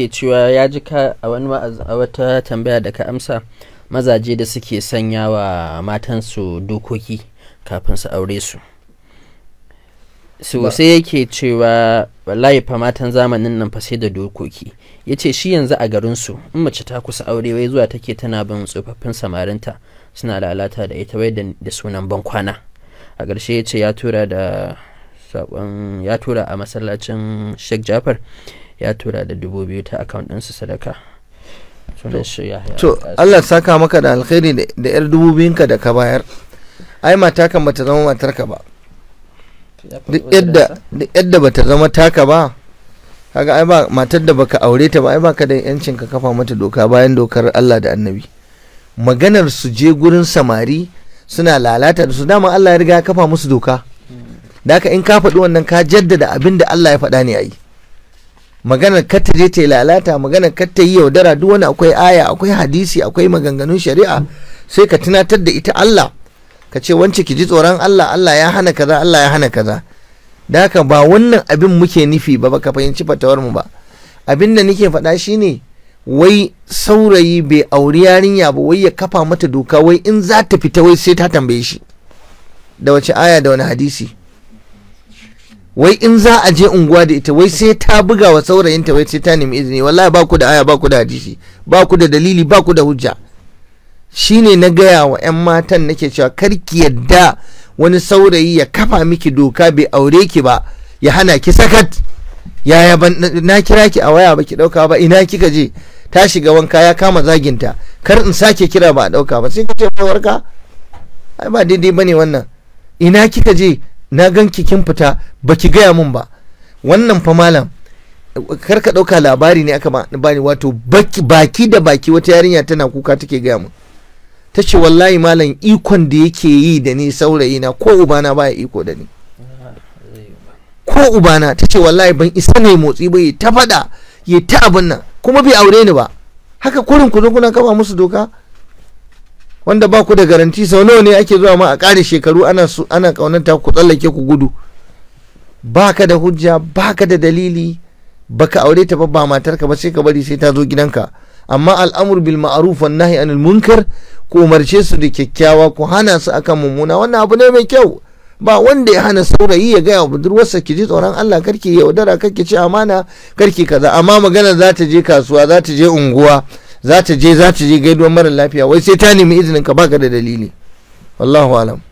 ke cewa ya ji ka a wani wata tambaya da ka amsa mazaje da suke sanya wa matansu dokoki kafin su aure su so sai yake cewa wallahi fa matan zamanin nan fa sai da dokoki yace shi yanzu a garin su in mace ta kusa aure wai zuwa take tana bin tsofaffin samarinta suna lalata da ita wai da sunan bankwana a ƙarshe yace ya tura da sabon ya tura a masallacin sheikh jafar ya tura da dubu biyu ta akawun ɗinsu sadaka to Allah saka maka da alkhairi da yar dubu biyunka da ka bayar ai mata kan bata zama matarka ba duk yadda bata zama taka ba kaga ai ba matar da baka aure ta ba ai baka da yancin ka kafa mata doka bayan dokar Allah da annabi maganar su je gurin samari suna lalata da su dama Allah ya riga ya kafa musu doka hmm. da haka in ka faɗi wannan ka jaddada abin da Allah ya faɗa ne a yi maganar kar ta je ta yi lalata maganar kar ta yi yaudara duk wani akwai aya akwai hadisi akwai maganganun shari'a sai ka tunatar da ita Allah ka ce wance ki ji tsoron Allah Allah ya hana kaza Allah ya hana kaza da haka ba wannan abin muke nufi ba ka fahimci fatawar mu ba abin da nake faɗa shine wai saurayi bai auri yarinya ba wai ya kafa mata doka wai in za ta fita wai sai ta tambaye shi da wace aya da wani hadisi wai in za a je unguwa da ita wai sai ta buga wa saurayinta wai sai ta nemi izini wallahi ba ku da aya ba ku da hadisi ba ku da dalili ba ku da hujja shine na gaya wa 'yan matan nake cewa kar ki yadda wani saurayi ya kafa miki doka bai aure ki ba ya hana ki sakat yaya ban na kira ki a waya ba ki dauka ba ina kika je ta shiga wanka ya kama zaginta kar in sake kira ba a dauka ba sai ka ce warka ai ba daidai bane wannan ina kika je na gan kin fita ba ki gaya mun ba wannan fa malam kar ka ɗauka labari ne aka bani wato baki da baki wata yarinya tana kuka take gaya mun ta ce wallahi malam ikon da yake yi da ni saurayi na ko ubana baya iko da ni ko ubana ta ce wallahi ban isa ne motsi ba ta faɗa ya ta abin nan kuma bai aure ni ba haka kurin kuzo kuna kama musu doka wanda ba ku da garanti sau nawa ne ake zuwa ma a ƙare shekaru ana ana kaunanta ku tsallake ku gudu baka da hujja baka da dalili baka aure ta ba ba matarka ba sai ka bari sai ta zo gidanka amma al'amur bil ma'ruf wan nahi anil munkar ku umarce su da kyakkyawa ku hana su akan mummuna wannan abu ne mai kyau ba wanda ya hana saurayi ya gaya wa budurwarsa ki ji tsoron Allah karki yaudara karki ci amana karki kaza amma magana za ta je kasuwa za ta je unguwa za ta je za ta je gaidon mara lafiya wai sai ta nemi izinin ka baka da dalili wallahu alam